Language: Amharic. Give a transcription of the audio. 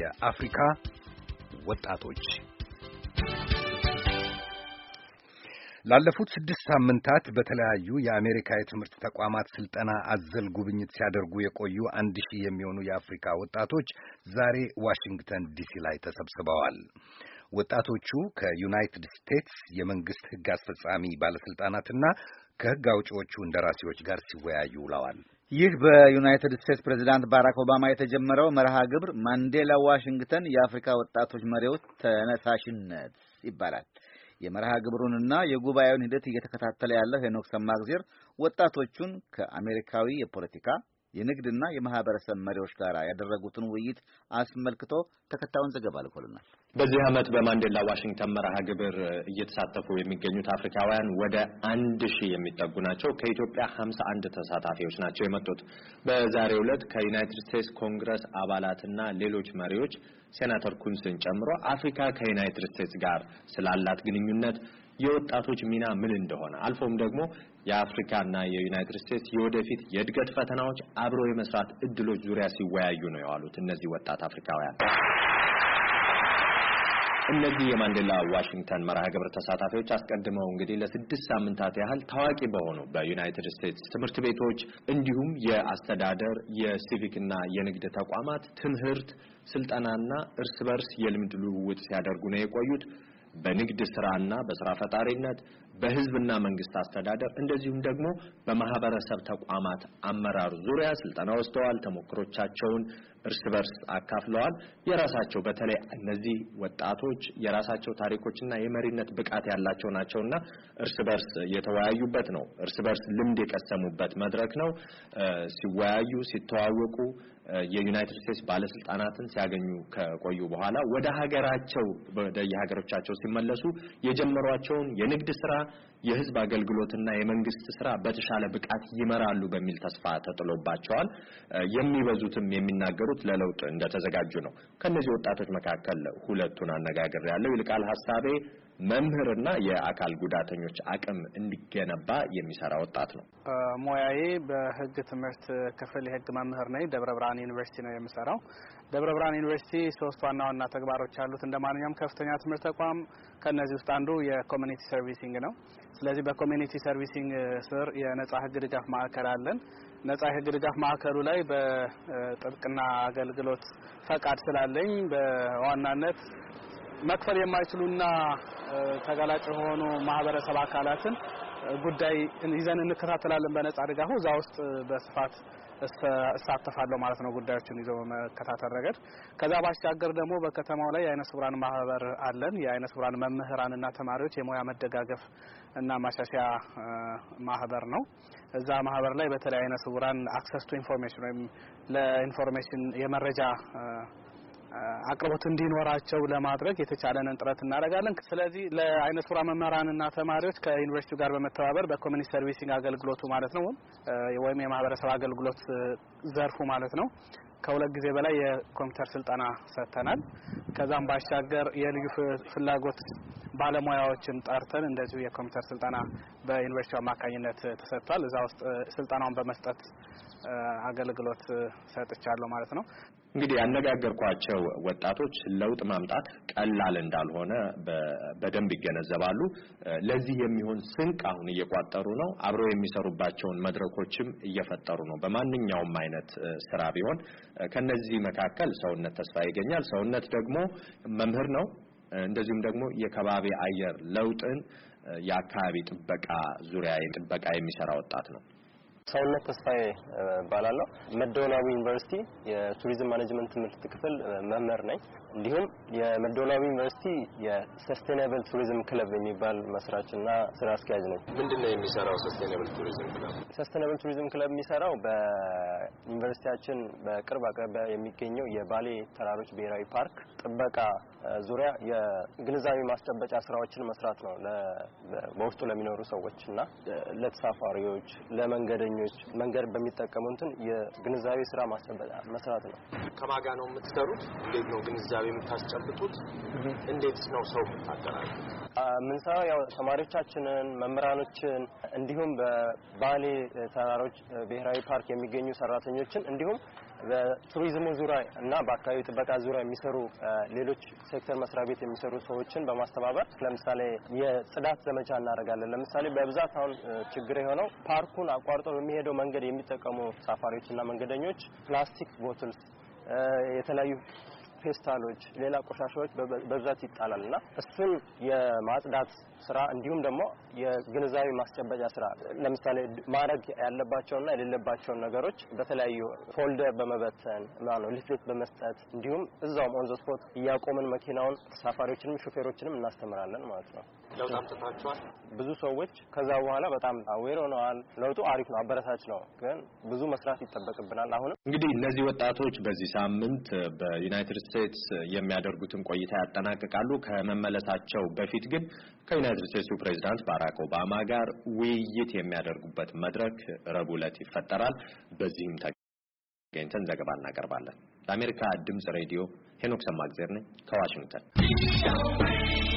የአፍሪካ ወጣቶች ላለፉት ስድስት ሳምንታት በተለያዩ የአሜሪካ የትምህርት ተቋማት ስልጠና አዘል ጉብኝት ሲያደርጉ የቆዩ አንድ ሺህ የሚሆኑ የአፍሪካ ወጣቶች ዛሬ ዋሽንግተን ዲሲ ላይ ተሰብስበዋል። ወጣቶቹ ከዩናይትድ ስቴትስ የመንግስት ህግ አስፈጻሚ ባለስልጣናትና ከህግ አውጪዎቹ እንደራሴዎች ጋር ሲወያዩ ውለዋል። ይህ በዩናይትድ ስቴትስ ፕሬዚዳንት ባራክ ኦባማ የተጀመረው መርሃ ግብር ማንዴላ ዋሽንግተን የአፍሪካ ወጣቶች መሪዎች ተነሳሽነት ይባላል። የመርሃ ግብሩንና የጉባኤውን ሂደት እየተከታተለ ያለው ሄኖክ ሰማግዜር ወጣቶቹን ከአሜሪካዊ የፖለቲካ የንግድና የማህበረሰብ መሪዎች ጋር ያደረጉትን ውይይት አስመልክቶ ተከታዩን ዘገባ ልኮልናል። በዚህ ዓመት በማንዴላ ዋሽንግተን መርሃ ግብር እየተሳተፉ የሚገኙት አፍሪካውያን ወደ አንድ ሺህ የሚጠጉ ናቸው። ከኢትዮጵያ ሀምሳ አንድ ተሳታፊዎች ናቸው የመጡት። በዛሬው ዕለት ከዩናይትድ ስቴትስ ኮንግረስ አባላትና ሌሎች መሪዎች ሴናተር ኩንስን ጨምሮ አፍሪካ ከዩናይትድ ስቴትስ ጋር ስላላት ግንኙነት የወጣቶች ሚና ምን እንደሆነ አልፎም ደግሞ የአፍሪካና የዩናይትድ ስቴትስ የወደፊት የእድገት ፈተናዎች አብሮ የመስራት እድሎች ዙሪያ ሲወያዩ ነው የዋሉት እነዚህ ወጣት አፍሪካውያን። እነዚህ የማንዴላ ዋሽንግተን መርሃ ግብር ተሳታፊዎች አስቀድመው እንግዲህ ለስድስት ሳምንታት ያህል ታዋቂ በሆኑ በዩናይትድ ስቴትስ ትምህርት ቤቶች እንዲሁም የአስተዳደር የሲቪክና የንግድ ተቋማት ትምህርት ስልጠናና እርስ በርስ የልምድ ልውውጥ ሲያደርጉ ነው የቆዩት። በንግድ ስራና በስራ ፈጣሪነት በህዝብና መንግስት አስተዳደር እንደዚሁም ደግሞ በማህበረሰብ ተቋማት አመራር ዙሪያ ስልጠና ወስደዋል። ተሞክሮቻቸውን እርስ በርስ አካፍለዋል። የራሳቸው በተለይ እነዚህ ወጣቶች የራሳቸው ታሪኮችና የመሪነት ብቃት ያላቸው ናቸውና እርስ በርስ የተወያዩበት ነው። እርስ በርስ ልምድ የቀሰሙበት መድረክ ነው። ሲወያዩ ሲተዋወቁ የዩናይትድ ስቴትስ ባለስልጣናትን ሲያገኙ ከቆዩ በኋላ ወደ ሀገራቸው ወደ የሀገሮቻቸው ሲመለሱ የጀመሯቸውን የንግድ ስራ፣ የህዝብ አገልግሎትና የመንግስት ስራ በተሻለ ብቃት ይመራሉ በሚል ተስፋ ተጥሎባቸዋል። የሚበዙትም የሚናገሩት ለለውጥ እንደተዘጋጁ ነው። ከነዚህ ወጣቶች መካከል ሁለቱን አነጋግሬያለሁ። ይልቃል ሀሳቤ መምህርና የአካል ጉዳተኞች አቅም እንዲገነባ የሚሰራ ወጣት ነው። ሙያዬ በህግ ትምህርት ክፍል የህግ መምህር ነኝ። ደብረ ብርሃን ዩኒቨርሲቲ ነው የምሰራው። ደብረ ብርሃን ዩኒቨርሲቲ ሶስት ዋና ዋና ተግባሮች አሉት እንደ ማንኛውም ከፍተኛ ትምህርት ተቋም። ከእነዚህ ውስጥ አንዱ የኮሚኒቲ ሰርቪሲንግ ነው። ስለዚህ በኮሚኒቲ ሰርቪሲንግ ስር የነጻ ህግ ድጋፍ ማዕከል አለን። ነጻ የህግ ድጋፍ ማዕከሉ ላይ በጥብቅና አገልግሎት ፈቃድ ስላለኝ በዋናነት መክፈል የማይችሉና ተጋላጭ የሆኑ ማህበረሰብ አካላትን ጉዳይ ይዘን እንከታተላለን። በነጻ ድጋፉ እዛ ውስጥ በስፋት እሳተፋለሁ ማለት ነው። ጉዳዮችን ይዘው በመከታተል ረገድ ከዛ ባሻገር ደግሞ በከተማው ላይ የአይነ ስውራን ማህበር አለን። የአይነ ስውራን መምህራንና ተማሪዎች የሙያ መደጋገፍ እና ማሻሻያ ማህበር ነው። እዛ ማህበር ላይ በተለይ አይነ ስውራን አክሰስ ቱ ኢንፎርሜሽን ወይም ለኢንፎርሜሽን የመረጃ አቅርቦት እንዲኖራቸው ለማድረግ የተቻለንን ጥረት እናደርጋለን። ስለዚህ ለአይነ ስውራ መምህራንና ተማሪዎች ከዩኒቨርሲቲው ጋር በመተባበር በኮሚኒቲ ሰርቪሲንግ አገልግሎቱ ማለት ነው ወይም የማህበረሰብ አገልግሎት ዘርፉ ማለት ነው ከሁለት ጊዜ በላይ የኮምፒውተር ስልጠና ሰጥተናል። ከዛም ባሻገር የልዩ ፍላጎት ባለሙያዎችን ጠርተን እንደዚሁ የኮምፒውተር ስልጠና በዩኒቨርሲቲ አማካኝነት ተሰጥቷል። እዛ ውስጥ ስልጠናውን በመስጠት አገልግሎት ሰጥቻለሁ ማለት ነው። እንግዲህ ያነጋገርኳቸው ወጣቶች ለውጥ ማምጣት ቀላል እንዳልሆነ በደንብ ይገነዘባሉ። ለዚህ የሚሆን ስንቅ አሁን እየቋጠሩ ነው። አብረው የሚሰሩባቸውን መድረኮችም እየፈጠሩ ነው። በማንኛውም አይነት ስራ ቢሆን ከነዚህ መካከል ሰውነት ተስፋ ይገኛል። ሰውነት ደግሞ መምህር ነው። እንደዚሁም ደግሞ የከባቢ አየር ለውጥን የአካባቢ ጥበቃ ዙሪያ ጥበቃ የሚሰራ ወጣት ነው። ሰውነት ተስፋዬ እባላለሁ። መደወላዊ ዩኒቨርሲቲ የቱሪዝም ማኔጅመንት ትምህርት ክፍል መምህር ነኝ። እንዲሁም የመደወላዊ ዩኒቨርሲቲ የሰስቴናብል ቱሪዝም ክለብ የሚባል መስራችና ስራ አስኪያጅ ነኝ። ምንድን ነው የሚሰራው ሰስቴናብል ቱሪዝም ክለብ? ሰስቴናብል ቱሪዝም ክለብ የሚሰራው በዩኒቨርሲቲያችን በቅርብ አቅራቢያ የሚገኘው የባሌ ተራሮች ብሔራዊ ፓርክ ጥበቃ ዙሪያ የግንዛቤ ማስጨበጫ ስራዎችን መስራት ነው። በውስጡ ለሚኖሩ ሰዎች እና ለተሳፋሪዎች፣ ለመንገደኞች መንገድ በሚጠቀሙትን የግንዛቤ ስራ ማስጨበጫ መስራት ነው። ከማጋ ነው የምትሰሩት? እንዴት ነው ግንዛቤ የምታስጨብጡት? እንዴት ነው ሰው የምታገናኙት? የምንሰራው ያው ተማሪዎቻችንን፣ መምህራኖችን እንዲሁም በባሌ ተራሮች ብሔራዊ ፓርክ የሚገኙ ሰራተኞችን እንዲሁም በቱሪዝሙ ዙሪያ እና በአካባቢ ጥበቃ ዙሪያ የሚሰሩ ሌሎች ሴክተር መስሪያ ቤት የሚሰሩ ሰዎችን በማስተባበር ለምሳሌ የጽዳት ዘመቻ እናደርጋለን። ለምሳሌ በብዛት አሁን ችግር የሆነው ፓርኩን አቋርጦ በሚሄደው መንገድ የሚጠቀሙ ሳፋሪዎች እና መንገደኞች ፕላስቲክ ቦትልስ የተለያዩ ፌስታሎች፣ ሌላ ቆሻሻዎች በብዛት ይጣላል እና እሱን የማጽዳት ስራ እንዲሁም ደግሞ የግንዛቤ ማስጨበጫ ስራ ለምሳሌ ማድረግ ያለባቸውና የሌለባቸውን ነገሮች በተለያዩ ፎልደር በመበተን ነው ሊፍሌት በመስጠት እንዲሁም እዛውም ኦንዘ ስፖት እያቆምን መኪናውን ተሳፋሪዎችንም ሹፌሮችንም እናስተምራለን ማለት ነው። ለውጥ አምጥታችኋል። ብዙ ሰዎች ከዛ በኋላ በጣም አዌር ሆነዋል። ለውጡ አሪፍ ነው፣ አበረታች ነው፣ ግን ብዙ መስራት ይጠበቅብናል። አሁንም እንግዲህ እነዚህ ወጣቶች በዚህ ሳምንት በዩናይትድ ስቴትስ የሚያደርጉትን ቆይታ ያጠናቅቃሉ። ከመመለሳቸው በፊት ግን ከዩናይትድ ስቴትሱ ፕሬዚዳንት ባራክ ኦባማ ጋር ውይይት የሚያደርጉበት መድረክ ረቡዕ ዕለት ይፈጠራል። በዚህም ተገኝተን ዘገባ እናቀርባለን። ለአሜሪካ ድምጽ ሬዲዮ ሄኖክ ሰማግዜር ነኝ ከዋሽንግተን